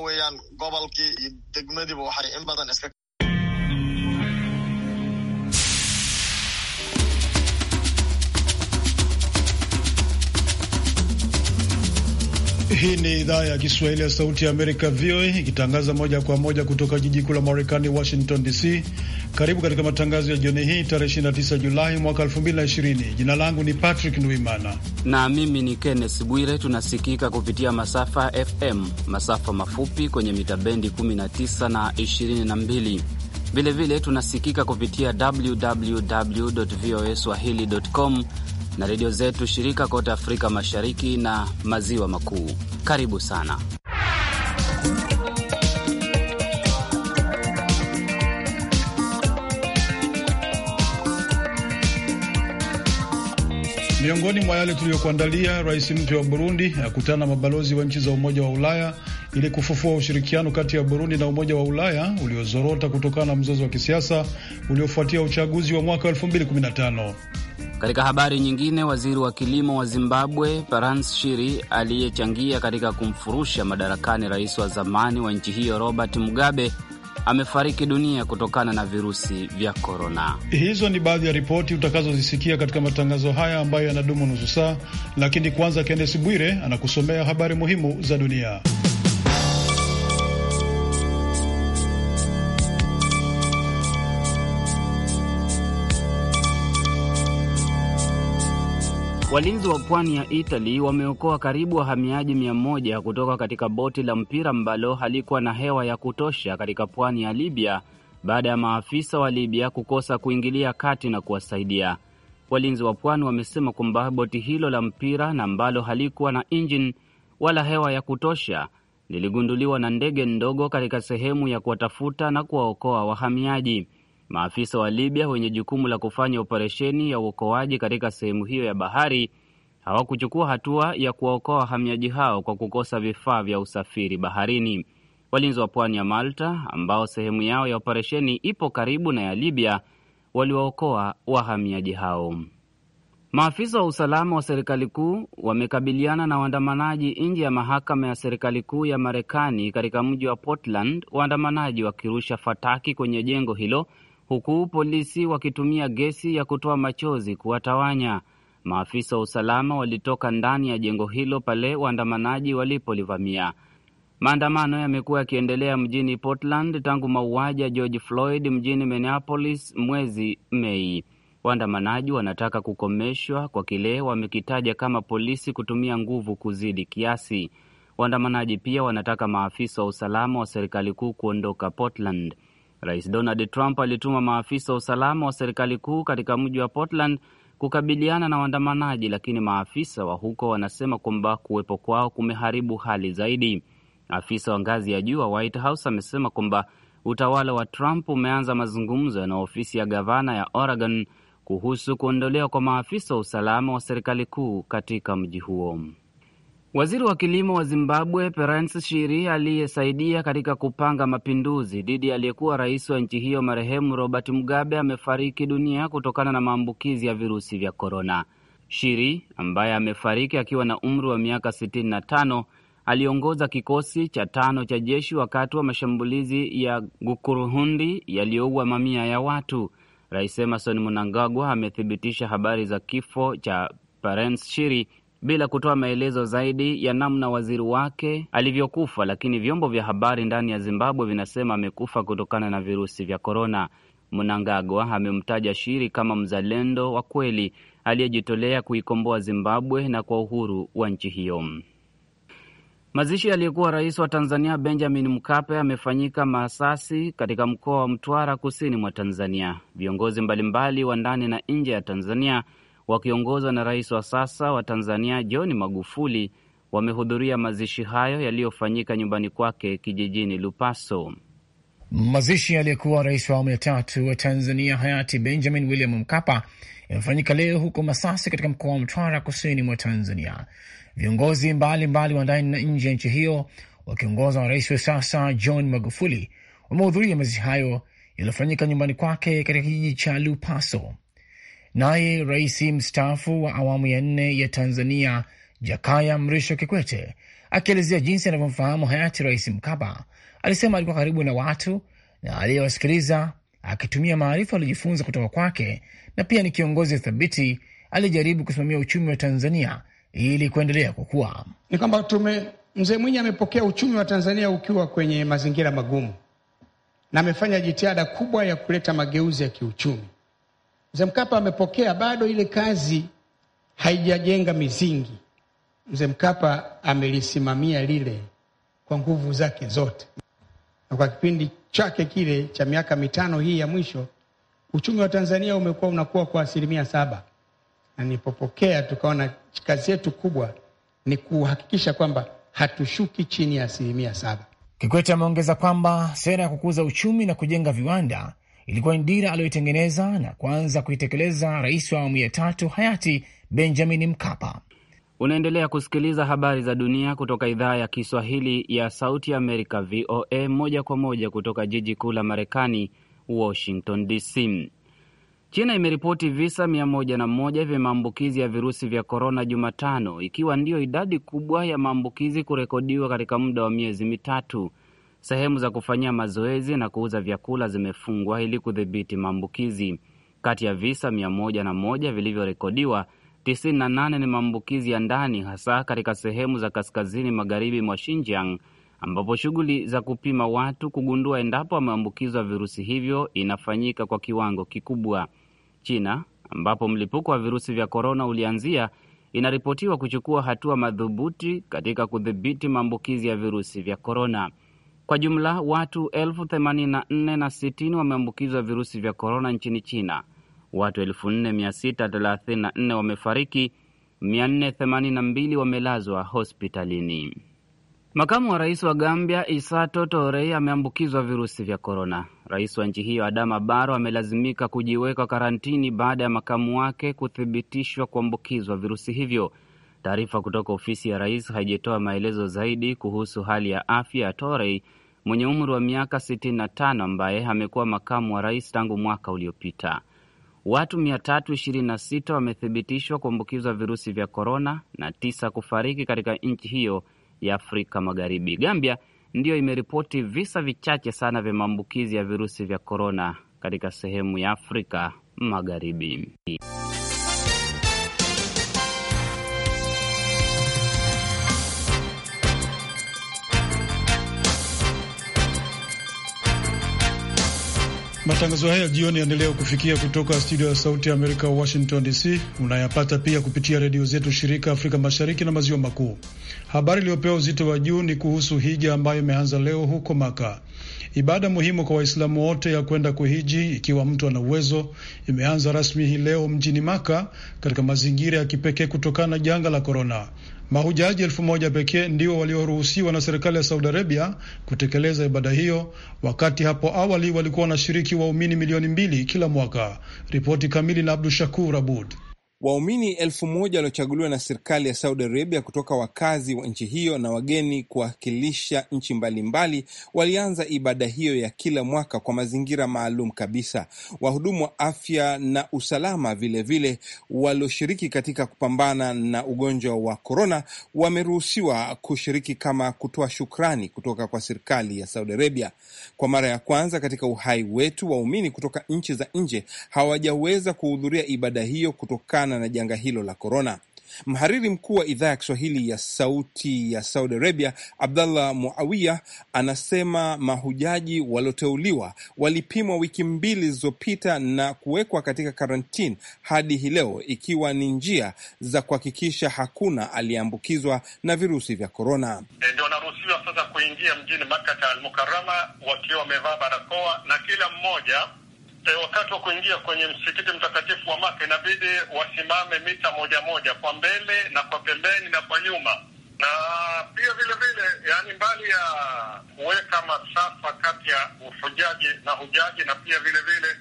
waxa weeyaan gobolkii iyo degmadiiba waxay in badan iska Hii ni idhaa ya Kiswahili ya Sauti ya Amerika, VOA, ikitangaza moja kwa moja kutoka jiji kuu la Marekani, Washington DC. Karibu katika matangazo ya jioni hii tarehe 29 Julai mwaka 2020. Jina langu ni Patrick Ndwimana na mimi ni kennes Bwire. Tunasikika kupitia masafa FM, masafa mafupi kwenye mita bendi 19 na 22. Vilevile tunasikika kupitia www voa swahili.com na redio zetu shirika kote Afrika Mashariki na Maziwa Makuu. Karibu sana. Miongoni mwa yale tuliyokuandalia, rais mpya wa Burundi akutana na mabalozi wa nchi za Umoja wa Ulaya ili kufufua ushirikiano kati ya Burundi na Umoja wa Ulaya uliozorota kutokana na mzozo wa kisiasa uliofuatia uchaguzi wa mwaka 2015. Katika habari nyingine, waziri wa kilimo wa Zimbabwe Perance Shiri aliyechangia katika kumfurusha madarakani rais wa zamani wa nchi hiyo Robert Mugabe amefariki dunia kutokana na virusi vya korona. Hizo ni baadhi ya ripoti utakazozisikia katika matangazo haya ambayo yanadumu nusu saa, lakini kwanza, Kennesi Bwire anakusomea habari muhimu za dunia. Walinzi wa pwani ya Itali wameokoa karibu wahamiaji mia moja kutoka katika boti la mpira ambalo halikuwa na hewa ya kutosha katika pwani ya Libya baada ya maafisa wa Libya kukosa kuingilia kati na kuwasaidia. Walinzi wa pwani wamesema kwamba boti hilo la mpira na ambalo halikuwa na injini wala hewa ya kutosha liligunduliwa na ndege ndogo katika sehemu ya kuwatafuta na kuwaokoa wahamiaji. Maafisa wa Libya wenye jukumu la kufanya operesheni ya uokoaji katika sehemu hiyo ya bahari hawakuchukua hatua ya kuwaokoa wahamiaji hao kwa kukosa vifaa vya usafiri baharini. Walinzi wa pwani ya Malta ambao sehemu yao ya operesheni ipo karibu na ya Libya waliwaokoa wahamiaji hao. Maafisa wa usalama wa serikali kuu wamekabiliana na waandamanaji nje ya mahakama ya serikali kuu ya Marekani katika mji wa Portland, waandamanaji wakirusha fataki kwenye jengo hilo huku polisi wakitumia gesi ya kutoa machozi kuwatawanya. Maafisa wa usalama walitoka ndani ya jengo hilo pale waandamanaji walipolivamia. Maandamano yamekuwa yakiendelea mjini Portland tangu mauaji ya George Floyd mjini Minneapolis mwezi Mei. Waandamanaji wanataka kukomeshwa kwa kile wamekitaja kama polisi kutumia nguvu kuzidi kiasi. Waandamanaji pia wanataka maafisa wa usalama wa serikali kuu kuondoka Portland. Rais Donald Trump alituma maafisa wa usalama wa serikali kuu katika mji wa Portland kukabiliana na waandamanaji, lakini maafisa wa huko wanasema kwamba kuwepo kwao kumeharibu hali zaidi. Afisa wa ngazi ya juu wa White House amesema kwamba utawala wa Trump umeanza mazungumzo na ofisi ya gavana ya Oregon kuhusu kuondolewa kwa maafisa wa usalama wa serikali kuu katika mji huo. Waziri wa kilimo wa Zimbabwe Perence Shiri aliyesaidia katika kupanga mapinduzi dhidi ya aliyekuwa rais wa nchi hiyo marehemu Robert Mugabe amefariki dunia kutokana na maambukizi ya virusi vya korona. Shiri ambaye amefariki akiwa na umri wa miaka 65 aliongoza kikosi cha tano cha jeshi wakati wa mashambulizi ya Gukuruhundi yaliyoua mamia ya watu. Rais Emerson Mnangagwa amethibitisha habari za kifo cha Perence Shiri bila kutoa maelezo zaidi ya namna waziri wake alivyokufa, lakini vyombo vya habari ndani ya Zimbabwe vinasema amekufa kutokana na virusi vya korona. Mnangagwa amemtaja Shiri kama mzalendo wa kweli aliyejitolea kuikomboa Zimbabwe na kwa uhuru wa nchi hiyo. Mazishi aliyekuwa rais wa Tanzania Benjamin Mkapa amefanyika Masasi katika mkoa wa Mtwara kusini mwa Tanzania. Viongozi mbalimbali wa ndani na nje ya Tanzania wakiongozwa na rais wa sasa wa Tanzania John Magufuli wamehudhuria mazishi hayo yaliyofanyika nyumbani kwake kijijini Lupaso. Mazishi aliyekuwa rais wa awamu ya tatu wa Tanzania hayati Benjamin William Mkapa yamefanyika leo huko Masasi katika mkoa wa Mtwara, kusini mwa Tanzania. Viongozi mbalimbali wa ndani na nje ya nchi hiyo wakiongozwa na rais wa sasa John Magufuli wamehudhuria mazishi hayo yaliyofanyika nyumbani kwake katika kijiji cha Lupaso. Naye rais mstaafu wa awamu ya nne ya Tanzania Jakaya Mrisho Kikwete akielezea jinsi anavyomfahamu hayati Rais Mkapa alisema alikuwa karibu na watu na aliyewasikiliza, akitumia maarifa aliyojifunza kutoka kwake, na pia ni kiongozi thabiti aliyejaribu kusimamia uchumi wa Tanzania ili kuendelea kukua. Ni kwamba tume mzee Mwinyi amepokea uchumi wa Tanzania ukiwa kwenye mazingira magumu na amefanya jitihada kubwa ya kuleta mageuzi ya kiuchumi. Mzee Mkapa amepokea, bado ile kazi haijajenga misingi. Mzee Mkapa amelisimamia lile kwa nguvu zake zote, na kwa kipindi chake kile cha miaka mitano hii ya mwisho uchumi wa Tanzania umekuwa unakuwa kwa asilimia saba, na nipopokea tukaona kazi yetu kubwa ni kuhakikisha kwamba hatushuki chini ya asilimia saba. Kikwete ameongeza kwamba sera ya kukuza uchumi na kujenga viwanda ilikuwa ni dira aliyoitengeneza na kuanza kuitekeleza rais wa awamu ya tatu hayati Benjamin Mkapa. Unaendelea kusikiliza habari za dunia kutoka idhaa ya Kiswahili ya Sauti Amerika, VOA, moja kwa moja kutoka jiji kuu la Marekani, Washington DC. China imeripoti visa 101 vya maambukizi ya virusi vya korona Jumatano, ikiwa ndiyo idadi kubwa ya maambukizi kurekodiwa katika muda wa miezi mitatu. Sehemu za kufanyia mazoezi na kuuza vyakula zimefungwa ili kudhibiti maambukizi. Kati ya visa mia vilivyorekodiwa, 98 ni maambukizi ya ndani, hasa katika sehemu za kaskazini magharibi mwa Xinjiang ambapo shughuli za kupima watu kugundua endapo wameambukizwa virusi hivyo inafanyika kwa kiwango kikubwa. China, ambapo mlipuko wa virusi vya korona ulianzia, inaripotiwa kuchukua hatua madhubuti katika kudhibiti maambukizi ya virusi vya korona. Kwa jumla watu 846 wameambukizwa virusi vya korona nchini China. Watu 4634 wamefariki, 482 wamelazwa hospitalini. Makamu wa rais wa Gambia Isato Torei ameambukizwa virusi vya korona. Rais wa nchi hiyo Adama Barrow amelazimika kujiweka karantini baada ya makamu wake kuthibitishwa kuambukizwa virusi hivyo. Taarifa kutoka ofisi ya rais haijatoa maelezo zaidi kuhusu hali ya afya ya Torei mwenye umri wa miaka 65 ambaye amekuwa makamu wa rais tangu mwaka uliopita. Watu 326 wamethibitishwa kuambukizwa virusi vya korona na tisa kufariki katika nchi hiyo ya Afrika Magharibi. Gambia ndiyo imeripoti visa vichache sana vya maambukizi ya virusi vya korona katika sehemu ya Afrika Magharibi. Matangazo haya jioni yaendelea kufikia kutoka studio ya Sauti ya Amerika, Washington DC. Unayapata pia kupitia redio zetu shirika Afrika Mashariki na Maziwa Makuu. Habari iliyopewa uzito wa juu ni kuhusu hija ambayo imeanza leo huko Maka. Ibada muhimu kwa Waislamu wote ya kwenda kuhiji, ikiwa mtu ana uwezo, imeanza rasmi hii leo mjini Maka katika mazingira ya kipekee kutokana na janga la korona. Mahujaji elfu moja pekee ndio walioruhusiwa na serikali ya Saudi Arabia kutekeleza ibada hiyo, wakati hapo awali walikuwa wanashiriki waumini milioni mbili kila mwaka. Ripoti kamili na Abdu Shakur Abud. Waumini elfu moja waliochaguliwa na serikali ya Saudi Arabia kutoka wakazi wa nchi hiyo na wageni kuwakilisha nchi mbalimbali walianza ibada hiyo ya kila mwaka kwa mazingira maalum kabisa. Wahudumu wa afya na usalama vilevile walioshiriki katika kupambana na ugonjwa wa korona wameruhusiwa kushiriki kama kutoa shukrani kutoka kwa serikali ya Saudi Arabia. Kwa mara ya kwanza katika uhai wetu, waumini kutoka nchi za nje hawajaweza kuhudhuria ibada hiyo kutokana kupambana na janga hilo la korona. Mhariri mkuu wa idhaa ya Kiswahili ya Sauti ya Saudi Arabia, Abdallah Muawiya, anasema mahujaji walioteuliwa walipimwa wiki mbili zilizopita na kuwekwa katika karantini hadi hii leo, ikiwa ni njia za kuhakikisha hakuna aliyeambukizwa na virusi vya korona. E, ndio wanaruhusiwa sasa kuingia mjini Makata Almukarama wakiwa wamevaa barakoa na kila mmoja e, wakati wa kuingia kwenye msikiti mtakatifu wa Maka inabidi wasimame mita moja moja kwa mbele na kwa pembeni na kwa nyuma, na pia vile vile, yani mbali ya kuweka masafa kati ya uhujaji na hujaji, na pia vile vile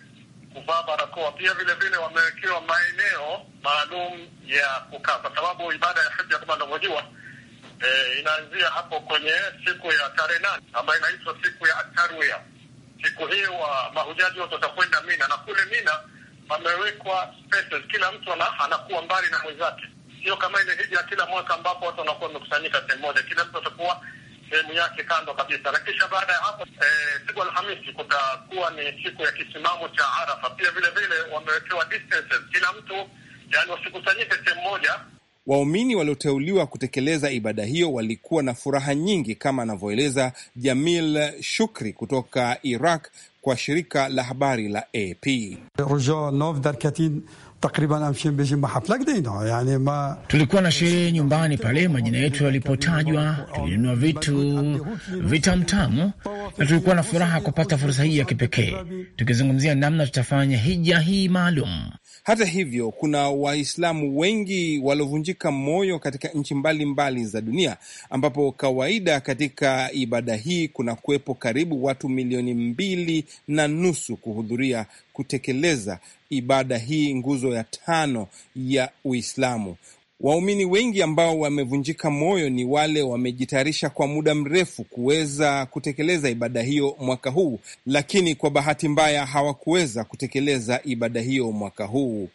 kuvaa barakoa. Pia vile vile wamewekewa maeneo maalum ya kukaa, kwa sababu ibada ya hija kama anavyojua e, eh, inaanzia hapo kwenye siku ya tarehe nane ambayo inaitwa siku ya tarwia siku hiyo mahujaji wote watakwenda Mina, na kule Mina wamewekwa spaces, kila mtu anakuwa mbali na mwenzake, sio kama ile hija kila mwaka ambapo watu wanakuwa wamekusanyika sehemu moja, kila mtu atakuwa sehemu yake kando kabisa. Na kisha baada ya hapo eh, siku Alhamisi kutakuwa ni siku ya kisimamo cha Arafa. Pia vile vile wamewekewa distances, kila mtu yani wasikusanyike sehemu moja Waumini walioteuliwa kutekeleza ibada hiyo walikuwa na furaha nyingi, kama anavyoeleza Jamil Shukri kutoka Iraq kwa shirika la habari la AP. Tulikuwa na sherehe nyumbani pale majina yetu yalipotajwa, tulinunua vitu vitamtamu na tulikuwa na furaha kupata fursa hii ya kipekee, tukizungumzia namna tutafanya hija hii maalum. Hata hivyo, kuna Waislamu wengi waliovunjika moyo katika nchi mbalimbali za dunia, ambapo kawaida katika ibada hii kuna kuwepo karibu watu milioni mbili na nusu kuhudhuria kutekeleza ibada hii, nguzo ya tano ya Uislamu. Waumini wengi ambao wamevunjika moyo ni wale wamejitayarisha kwa muda mrefu kuweza kutekeleza ibada hiyo mwaka huu, lakini kwa bahati mbaya hawakuweza kutekeleza ibada hiyo mwaka huu.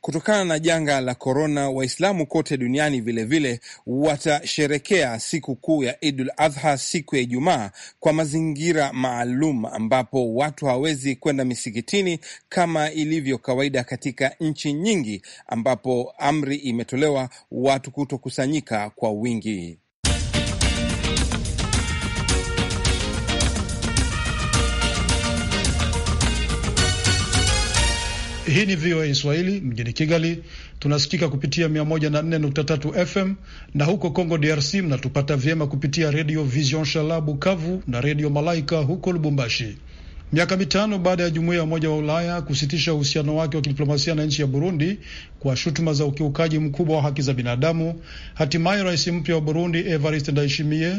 Kutokana na janga la korona, Waislamu kote duniani vilevile watasherekea siku kuu ya Idul Adha siku ya Ijumaa kwa mazingira maalum, ambapo watu hawawezi kwenda misikitini kama ilivyo kawaida katika nchi nyingi, ambapo amri imetolewa watu kutokusanyika kwa wingi. Hii ni VOA Swahili mjini Kigali, tunasikika kupitia 104.3 FM na huko Congo DRC mnatupata vyema kupitia redio Vision Shala Bukavu na redio Malaika huko Lubumbashi miaka mitano baada ya jumuiya ya Umoja wa Ulaya kusitisha uhusiano wake wa kidiplomasia na nchi ya Burundi kwa shutuma za ukiukaji mkubwa wa haki za binadamu, hatimaye rais mpya wa Burundi Evariste Ndayishimiye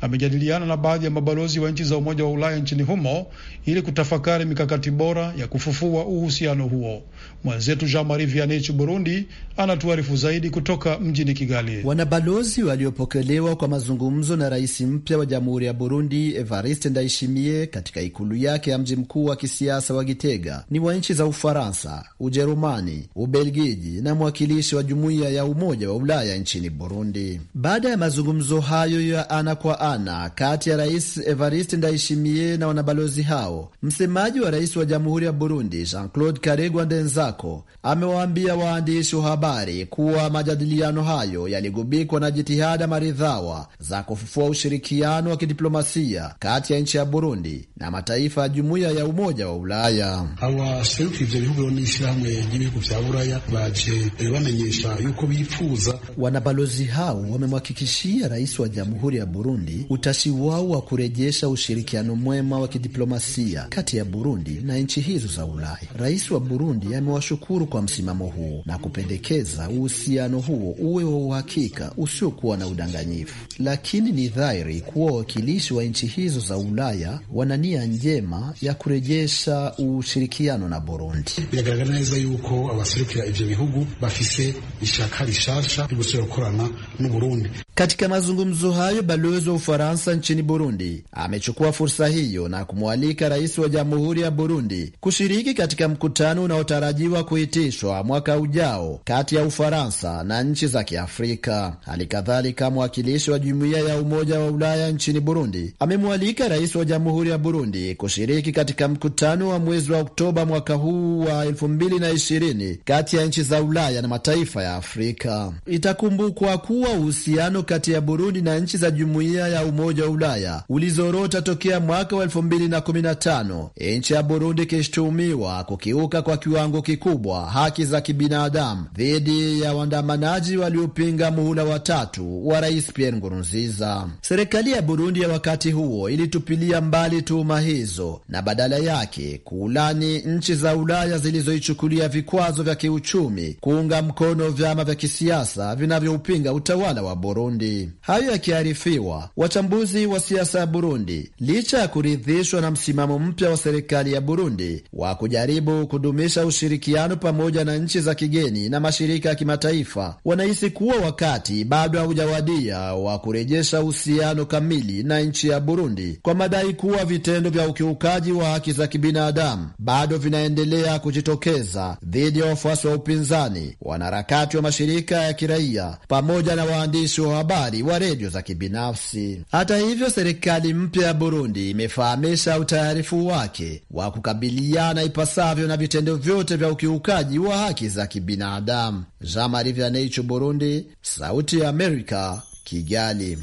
amejadiliana na baadhi ya mabalozi wa nchi za Umoja wa Ulaya nchini humo ili kutafakari mikakati bora ya kufufua uhusiano huo. Mwenzetu Jean Marie Vianney Burundi anatuarifu zaidi kutoka mjini Kigali. Wanabalozi waliopokelewa kwa mazungumzo na rais mpya wa Jamhuri ya Burundi Evariste Ndayishimiye katika ikulu yake mji mkuu wa kisiasa wa Gitega ni wa nchi za Ufaransa, Ujerumani, Ubelgiji na mwakilishi wa jumuiya ya Umoja wa Ulaya nchini Burundi. Baada ya mazungumzo hayo ya ana kwa ana kati ya Rais Evariste Ndayishimiye na wanabalozi hao, msemaji wa rais wa Jamhuri ya Burundi Jean-Claude Karegwa Ndenzako amewaambia waandishi wa habari kuwa majadiliano hayo yaligubikwa na jitihada maridhawa za kufufua ushirikiano wa kidiplomasia kati ya nchi ya Burundi na mataifa ya jumuiya ya Umoja wa Ulaya. Abaseruka ivyo bihugu n'ishirahamwe ry'ibihugu vya Buraya baje bamenyesha yuko bipfuza. Wanabalozi hao wamemhakikishia rais wa Jamhuri ya Burundi utashi wao wa kurejesha ushirikiano mwema wa kidiplomasia kati ya Burundi na nchi hizo za Ulaya. Rais wa Burundi amewashukuru kwa msimamo huo na kupendekeza uhusiano huo uwe wa uhakika usiokuwa na udanganyifu, lakini ni dhahiri kuwa wawakilishi wa nchi hizo za Ulaya wana nia njema ya kurejesha ushirikiano na Burundi. Biragaragara neza yuko abaserukira ivyo bihugu bafise ishaka rishasha ryo gusubira gukorana n'Uburundi. Katika mazungumzo hayo, balozi wa Ufaransa nchini Burundi amechukua fursa hiyo na kumwalika rais wa jamhuri ya Burundi kushiriki katika mkutano unaotarajiwa kuitishwa mwaka ujao kati ya Ufaransa na nchi za Kiafrika. Hali kadhalika mwakilishi wa jumuiya ya Umoja wa Ulaya nchini Burundi amemwalika rais wa jamhuri ya Burundi kushiriki kushiriki katika mkutano wa mwezi wa Oktoba mwaka huu wa 2020 kati ya nchi za Ulaya na mataifa ya Afrika. Itakumbukwa kuwa uhusiano kati ya Burundi na nchi za Jumuiya ya Umoja wa Ulaya ulizorota tokea mwaka wa 2015, e, nchi ya Burundi ikishutumiwa kukiuka kwa kiwango kikubwa haki za kibinadamu dhidi ya waandamanaji waliopinga muhula watatu wa Rais Pierre Nkurunziza. Serikali ya Burundi ya wakati huo ilitupilia mbali tuhuma hizo na na badala yake kuulani nchi za Ulaya zilizoichukulia vikwazo vya kiuchumi kuunga mkono vyama vya kisiasa vinavyoupinga utawala wa Burundi. Hayo yakiarifiwa, wachambuzi wa siasa ya Burundi, licha ya kuridhishwa na msimamo mpya wa serikali ya Burundi wa kujaribu kudumisha ushirikiano pamoja na nchi za kigeni na mashirika ya kimataifa, wanahisi kuwa wakati bado haujawadia wa kurejesha uhusiano kamili na nchi ya Burundi kwa madai kuwa vitendo vya ukiukaji ukiukaji wa haki za kibinadamu bado vinaendelea kujitokeza dhidi ya wafuasi wa upinzani, wanaharakati wa mashirika ya kiraia, pamoja na waandishi wa habari wa redio za kibinafsi. Hata hivyo, serikali mpya ya Burundi imefahamisha utayarifu wake wa kukabiliana ipasavyo na vitendo vyote vya ukiukaji wa haki za kibinadamu. Jean Marie Vianney, Burundi, Sauti ya Amerika, Kigali.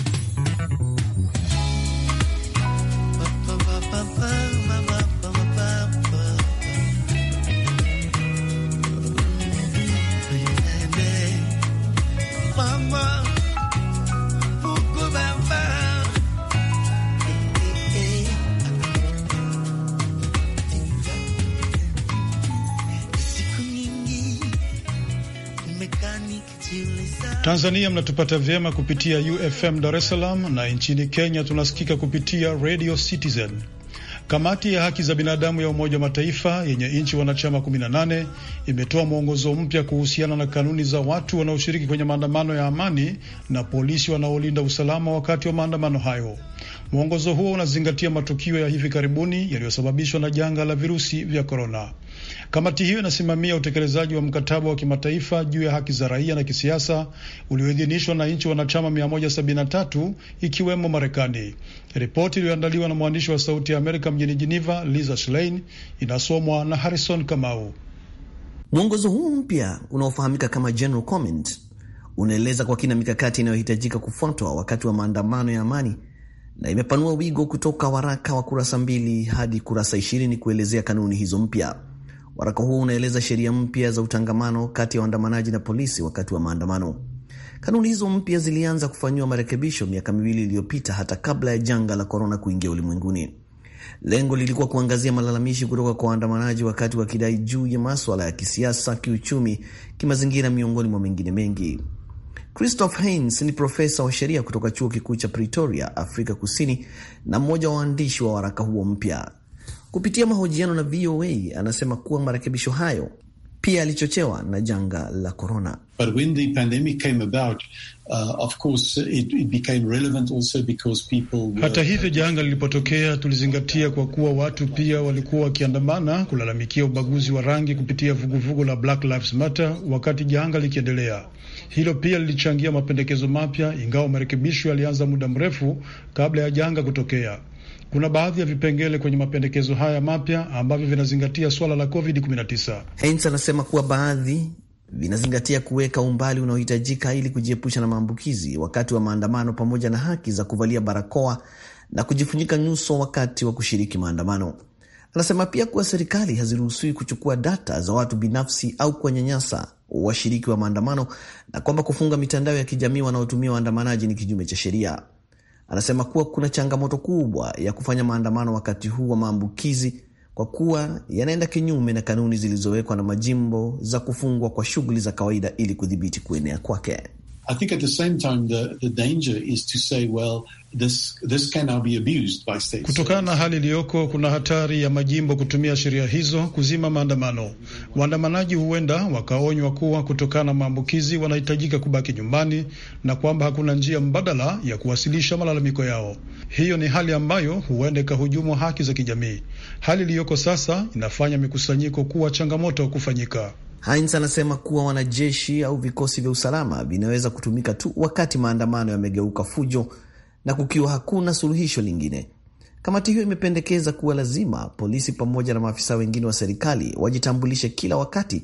Tanzania mnatupata vyema kupitia UFM Dar es Salaam na nchini Kenya tunasikika kupitia Radio Citizen. Kamati ya haki za binadamu ya Umoja wa Mataifa yenye nchi wanachama 18 imetoa mwongozo mpya kuhusiana na kanuni za watu wanaoshiriki kwenye maandamano ya amani na polisi wanaolinda usalama wakati wa maandamano hayo. Mwongozo huo unazingatia matukio ya hivi karibuni yaliyosababishwa na janga la virusi vya korona. Kamati hiyo inasimamia utekelezaji wa mkataba wa kimataifa juu ya haki za raia na kisiasa ulioidhinishwa na nchi wanachama 173 ikiwemo Marekani. Ripoti iliyoandaliwa na mwandishi wa Sauti ya Amerika mjini Jeneva, Lisa Schlein, inasomwa na Harrison Kamau. Mwongozo huu mpya unaofahamika kama General Comment unaeleza kwa kina mikakati inayohitajika kufuatwa wakati wa maandamano ya amani na imepanua wigo kutoka waraka wa kurasa mbili hadi kurasa ishirini kuelezea kanuni hizo mpya. Waraka huo unaeleza sheria mpya za utangamano kati ya waandamanaji na polisi wakati wa maandamano. Kanuni hizo mpya zilianza kufanyiwa marekebisho miaka miwili iliyopita, hata kabla ya janga la korona kuingia ulimwenguni. Lengo lilikuwa kuangazia malalamishi kutoka kwa waandamanaji wakati wakidai juu ya maswala ya kisiasa, kiuchumi, kimazingira, miongoni mwa mengine mengi. Christoph Heinz ni profesa wa sheria kutoka chuo kikuu cha Pretoria, Afrika Kusini, na mmoja wa waandishi wa waraka huo mpya. Kupitia mahojiano na VOA, anasema kuwa marekebisho hayo pia alichochewa na janga la corona. Hata hivyo, janga lilipotokea, tulizingatia kwa kuwa watu pia walikuwa wakiandamana kulalamikia ubaguzi wa rangi kupitia vuguvugu la Black Lives Matter wakati janga likiendelea. Hilo pia lilichangia mapendekezo mapya, ingawa marekebisho yalianza muda mrefu kabla ya janga kutokea. Kuna baadhi ya vipengele kwenye mapendekezo haya mapya ambavyo vinazingatia swala la COVID-19. Heinz anasema kuwa baadhi vinazingatia kuweka umbali unaohitajika ili kujiepusha na maambukizi wakati wa maandamano, pamoja na haki za kuvalia barakoa na kujifunyika nyuso wakati wa kushiriki maandamano. Anasema pia kuwa serikali haziruhusiwi kuchukua data za watu binafsi au kuwanyanyasa washiriki wa maandamano na kwamba kufunga mitandao ya kijamii wanaotumia waandamanaji ni kinyume cha sheria. Anasema kuwa kuna changamoto kubwa ya kufanya maandamano wakati huu wa maambukizi kwa kuwa yanaenda kinyume na kanuni zilizowekwa na majimbo za kufungwa kwa shughuli za kawaida ili kudhibiti kuenea kwake. I think at the same time the, the danger is to say, well, this, this can now be abused by states. Kutokana na hali iliyoko, kuna hatari ya majimbo kutumia sheria hizo kuzima maandamano. Waandamanaji huenda wakaonywa kuwa kutokana na maambukizi wanahitajika kubaki nyumbani na kwamba hakuna njia mbadala ya kuwasilisha malalamiko yao. Hiyo ni hali ambayo huenda ikahujumu haki za kijamii. Hali iliyoko sasa inafanya mikusanyiko kuwa changamoto kufanyika. Heinz anasema kuwa wanajeshi au vikosi vya usalama vinaweza kutumika tu wakati maandamano yamegeuka fujo na kukiwa hakuna suluhisho lingine. Kamati hiyo imependekeza kuwa lazima polisi pamoja na maafisa wengine wa serikali wajitambulishe kila wakati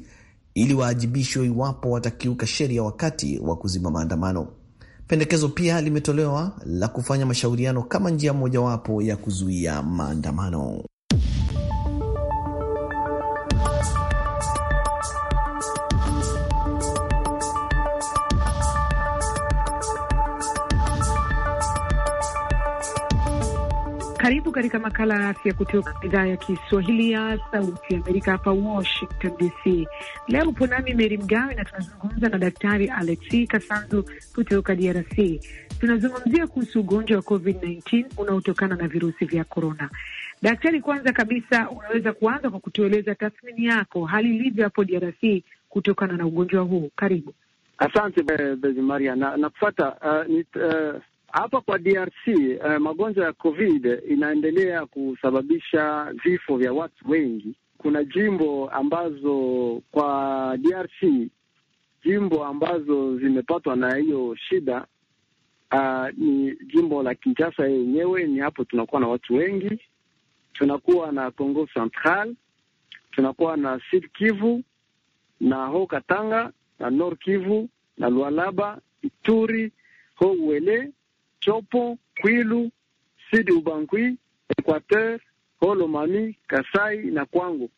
ili waajibishwe iwapo watakiuka sheria wakati wa kuzima maandamano. Pendekezo pia limetolewa la kufanya mashauriano kama njia mojawapo ya kuzuia maandamano. Karibu katika makala ya afya kutoka idhaa ya Kiswahili ya Sauti Amerika hapa Washington DC. Leo upo nami Meri Mgawe na tunazungumza na Daktari Alexi Kasanzu kutoka DRC. Tunazungumzia kuhusu ugonjwa wa COVID-19 unaotokana na virusi vya korona. Daktari, kwanza kabisa, unaweza kuanza kwa kutueleza tathmini yako hali ilivyo hapo DRC kutokana na ugonjwa huu? Karibu. Asante Bezi Maria na uh, uh hapa kwa DRC eh, magonjwa ya COVID inaendelea kusababisha vifo vya watu wengi. Kuna jimbo ambazo kwa DRC, jimbo ambazo zimepatwa na hiyo shida Uh, ni jimbo la Kinshasa yenyewe, ni hapo tunakuwa na watu wengi, tunakuwa na Congo Central, tunakuwa na Sud Kivu na ho Katanga na Nord Kivu na Lualaba, Ituri, ho Uele Chopo, Kwilu, Sidi Ubangui, Equateur, Holomami, Kasai na Kwango.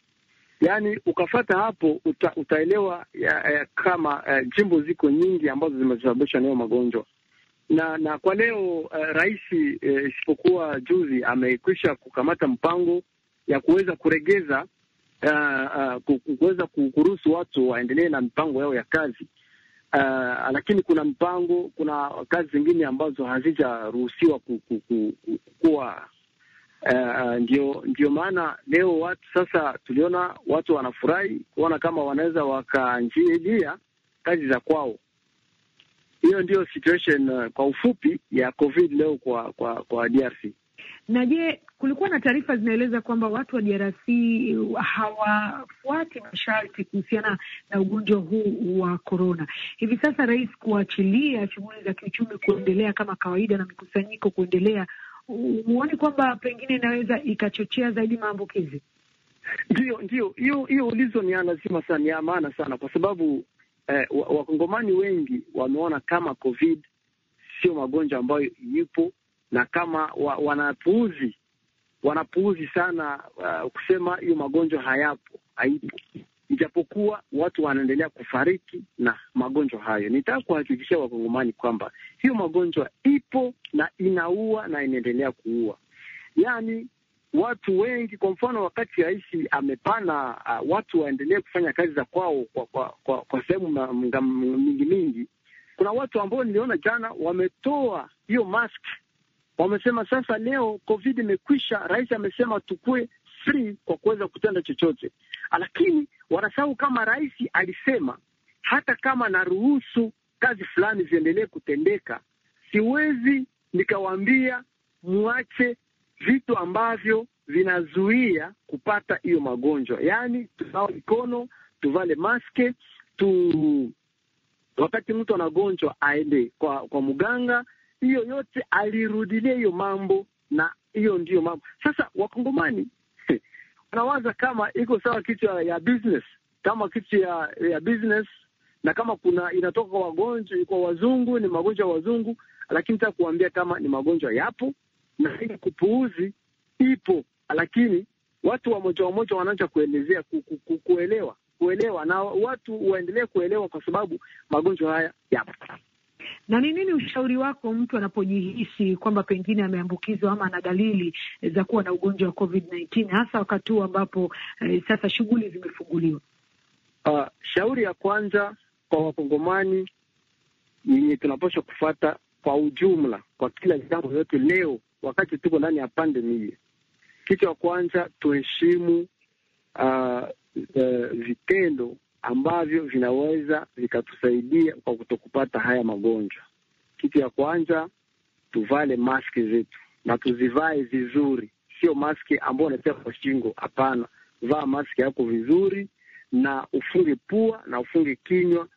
Yaani ukafata hapo uta, utaelewa ya, ya, kama ya, eh, jimbo ziko nyingi ambazo zimesababisha nayo magonjwa na na kwa leo uh, rais uh, isipokuwa juzi amekwisha kukamata mpango ya kuweza kuregeza uh, uh, kuweza kuruhusu watu waendelee na mipango yao ya kazi Uh, lakini kuna mpango, kuna kazi zingine ambazo hazijaruhusiwa ku, ku, ku, ku, kuwa uh, ndio, ndio maana leo watu sasa tuliona watu wanafurahi kuona kama wanaweza wakaanjilia kazi za kwao. Hiyo ndio situation uh, kwa ufupi ya COVID leo kwa kwa, kwa DRC. Na je, kulikuwa na taarifa zinaeleza kwamba watu wa DRC uh, hawafuati masharti kuhusiana na ugonjwa huu wa korona. Hivi sasa rais kuachilia shughuli za kiuchumi kuendelea kama kawaida na mikusanyiko kuendelea, huoni uh, kwamba pengine inaweza ikachochea zaidi maambukizi? Ndio, ndio, hiyo hiyo ulizo ni lazima sana, ni ya maana sana kwa sababu eh, wakongomani wengi wameona kama covid sio magonjwa ambayo yupo na kama wa, wanapuuzi wanapuuzi sana uh, kusema hiyo magonjwa hayapo haipo, ijapokuwa watu wanaendelea kufariki na magonjwa hayo. Nitaka kuhakikishia wakongomani kwamba hiyo magonjwa ipo na inaua na inaendelea kuua, yaani watu wengi kwa mfano, wakati rais amepana uh, watu waendelee kufanya kazi za kwao kwa, kwa, kwa, kwa sehemu mingi mingi, kuna watu ambao niliona jana wametoa hiyo mask Wamesema sasa leo covid imekwisha, rais amesema tukue free kwa kuweza kutenda chochote, lakini wanasahau kama rais alisema hata kama naruhusu kazi fulani ziendelee kutendeka, siwezi nikawaambia mwache vitu ambavyo vinazuia kupata hiyo magonjwa, yaani tunao mikono, tuvale maske tu, wakati mtu anagonjwa aende kwa kwa mganga hiyo yote alirudilia hiyo mambo, na hiyo ndiyo mambo sasa. Wakongomani wanawaza kama iko sawa kitu ya, ya business kama kitu ya, ya business na kama kuna inatoka kwa wagonjwa kwa wazungu ni magonjwa ya wazungu, lakini nataka kuambia kama ni magonjwa yapo na hii kupuuzi ipo, lakini watu wamoja wamoja wanaanza kuelezea ku, ku, ku, kuelewa kuelewa na watu waendelee kuelewa, kwa sababu magonjwa haya yapo. Na ni nini ushauri wako mtu anapojihisi kwamba pengine ameambukizwa ama ana dalili za kuwa na ugonjwa wa COVID-19 hasa wakati huu ambapo eh, sasa shughuli zimefunguliwa? Uh, shauri ya kwanza kwa wakongomani yenye tunapaswa kufata kwa ujumla kwa kila jambo yote leo, wakati tuko ndani ya pandemia, kitu cha kwanza tuheshimu uh, uh, vitendo ambavyo vinaweza vikatusaidia kwa kutokupata haya magonjwa. Kitu ya kwanza tuvale maski zetu na tuzivae vizuri, sio maski ambao unatia kwa shingo. Hapana, vaa maski yako vizuri na ufunge pua na ufunge kinywa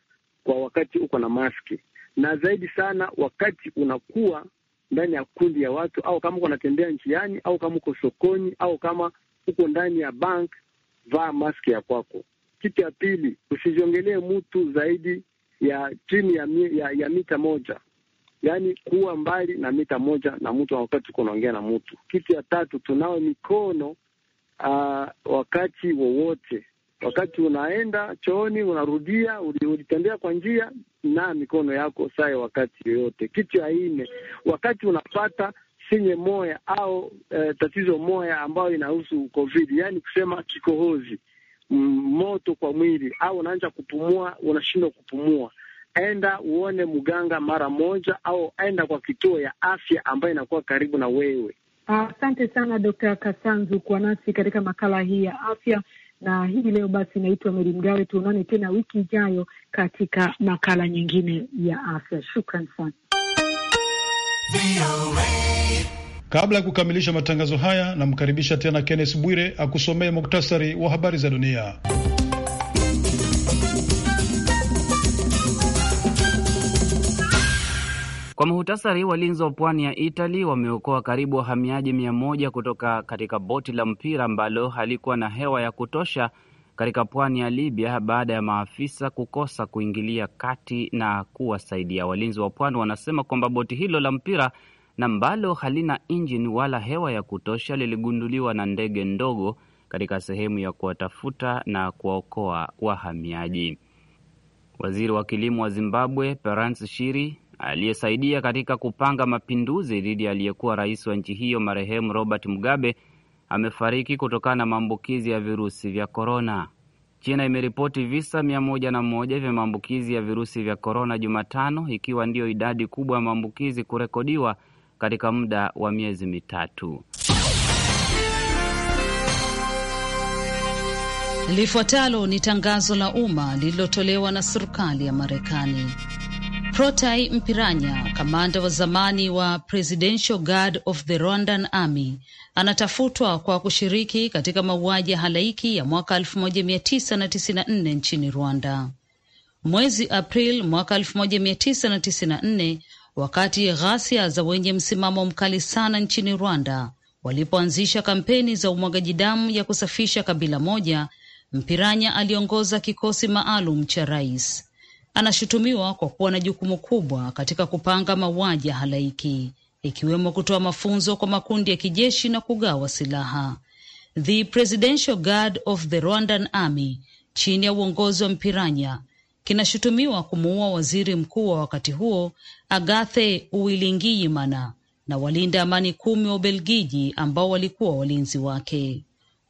kwa wakati uko na maski, na zaidi sana wakati unakuwa ndani ya kundi ya watu, au kama uko natembea njiani, au kama uko sokoni, au kama uko ndani ya bank, vaa maski ya kwako. Kitu ya pili, usiziongelee mtu zaidi ya chini ya, ya, ya mita moja, yaani kuwa mbali na mita moja na mtu wakati uko unaongea na mtu. Kitu ya tatu, tunawe mikono aa, ah, wakati wowote wakati unaenda chooni, unarudia, ulitembea kwa njia na mikono yako sayo wakati yoyote. Kitu ya nne, wakati unapata sinye moya au e, tatizo moya ambayo inahusu COVID, yaani kusema kikohozi, moto kwa mwili au unaanza kupumua, unashindwa kupumua, enda uone mganga mara moja, au enda kwa kituo ya afya ambayo inakuwa karibu na wewe. Asante sana Dr. Kasanzu kwa nasi katika makala hii ya afya na hii leo. Basi naitwa Meri Mgawe, tuonane tena wiki ijayo katika makala nyingine ya afya. Shukran sana. Kabla ya kukamilisha matangazo haya, namkaribisha tena kennes Bwire akusomee muktasari wa habari za dunia. Kwa muhtasari, walinzi wa pwani ya Itali wameokoa karibu wahamiaji mia moja kutoka katika boti la mpira ambalo halikuwa na hewa ya kutosha katika pwani ya Libya baada ya maafisa kukosa kuingilia kati na kuwasaidia. Walinzi wa pwani wanasema kwamba boti hilo la mpira na ambalo halina injini wala hewa ya kutosha liligunduliwa na ndege ndogo katika sehemu ya kuwatafuta na kuwaokoa wahamiaji. Waziri wa kilimo wa Zimbabwe Perance Shiri aliyesaidia katika kupanga mapinduzi dhidi ya aliyekuwa rais wa nchi hiyo marehemu Robert Mugabe amefariki kutokana na maambukizi ya virusi vya korona. China imeripoti visa mia moja na moja vya maambukizi ya virusi vya korona Jumatano, ikiwa ndiyo idadi kubwa ya maambukizi kurekodiwa katika muda wa miezi mitatu. Lifuatalo ni tangazo la umma lililotolewa na serikali ya Marekani. Protai Mpiranya, kamanda wa zamani wa Presidential Guard of the Rwandan Army, anatafutwa kwa kushiriki katika mauaji ya halaiki ya mwaka 1994 nchini Rwanda. Mwezi april mwaka 1994 wakati ghasia za wenye msimamo mkali sana nchini Rwanda walipoanzisha kampeni za umwagaji damu ya kusafisha kabila moja. Mpiranya aliongoza kikosi maalum cha rais. Anashutumiwa kwa kuwa na jukumu kubwa katika kupanga mauaji ya halaiki, ikiwemo kutoa mafunzo kwa makundi ya kijeshi na kugawa silaha. The Presidential Guard of the Rwandan Army chini ya uongozi wa Mpiranya kinashutumiwa kumuua waziri mkuu wa wakati huo Agathe Uwilingiyimana na walinda amani kumi wa Ubelgiji ambao walikuwa walinzi wake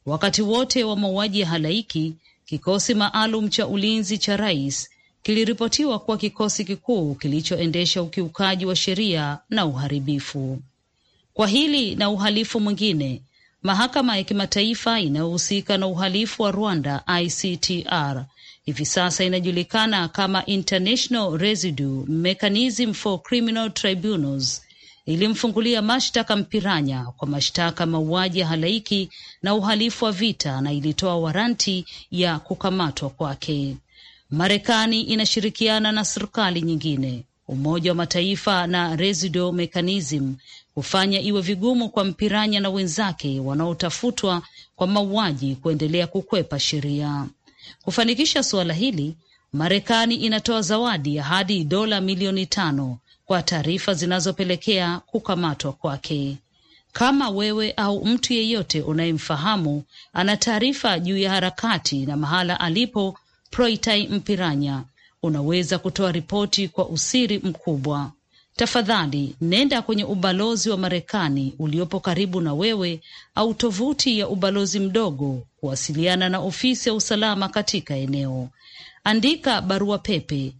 wakati wote wa mauaji ya halaiki. Kikosi maalum cha ulinzi cha rais kiliripotiwa kuwa kikosi kikuu kilichoendesha ukiukaji wa sheria na uharibifu. Kwa hili na uhalifu mwingine, mahakama ya kimataifa inayohusika na uhalifu wa Rwanda, ICTR, hivi sasa inajulikana kama International Residue Mechanism for Criminal Tribunals ilimfungulia mashtaka Mpiranya kwa mashtaka mauaji ya halaiki na uhalifu wa vita na ilitoa waranti ya kukamatwa kwake. Marekani inashirikiana na serikali nyingine, Umoja wa Mataifa na residu Mechanism kufanya iwe vigumu kwa Mpiranya na wenzake wanaotafutwa kwa mauaji kuendelea kukwepa sheria. Kufanikisha suala hili, Marekani inatoa zawadi ya hadi dola milioni tano kwa taarifa zinazopelekea kukamatwa kwake. Kama wewe au mtu yeyote unayemfahamu ana taarifa juu ya harakati na mahala alipo Proitai Mpiranya, unaweza kutoa ripoti kwa usiri mkubwa tafadhali nenda kwenye ubalozi wa Marekani uliopo karibu na wewe au tovuti ya ubalozi mdogo kuwasiliana na ofisi ya usalama katika eneo. Andika barua pepe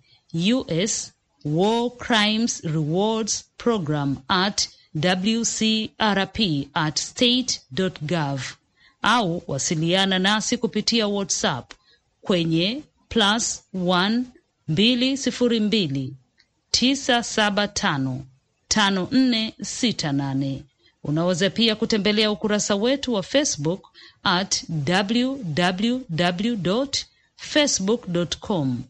US War Crimes Rewards Program at WCRP at state.gov au wasiliana nasi kupitia WhatsApp kwenye plus 1 202 9755468. Unaweza pia kutembelea ukurasa wetu wa Facebook at www facebook com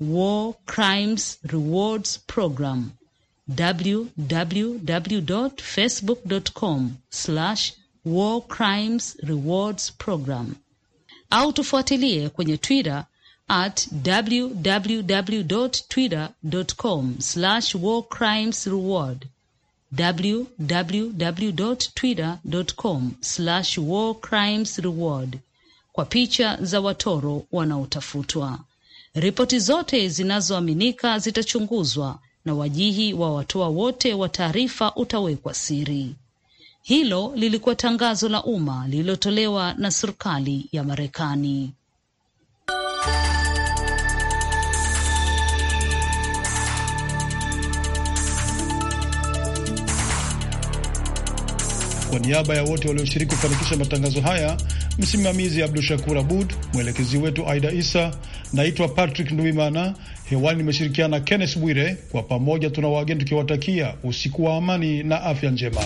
war crimes rewards program www facebook com war crimes rewards program, au tufuatilie kwenye Twitter at www twitter com slash war crimes reward www twitter com slash war crimes reward kwa picha za watoro wanaotafutwa. Ripoti zote zinazoaminika zitachunguzwa na wajihi wa watoa wote wa taarifa utawekwa siri. Hilo lilikuwa tangazo la umma lililotolewa na serikali ya Marekani. Kwa niaba ya wote walioshiriki kufanikisha matangazo haya, msimamizi Abdu Shakur Abud, mwelekezi wetu Aida Isa, naitwa Patrick Nduimana. Hewani nimeshirikiana na Kennes Bwire. Kwa pamoja tuna wageni tukiwatakia usiku wa amani na afya njema.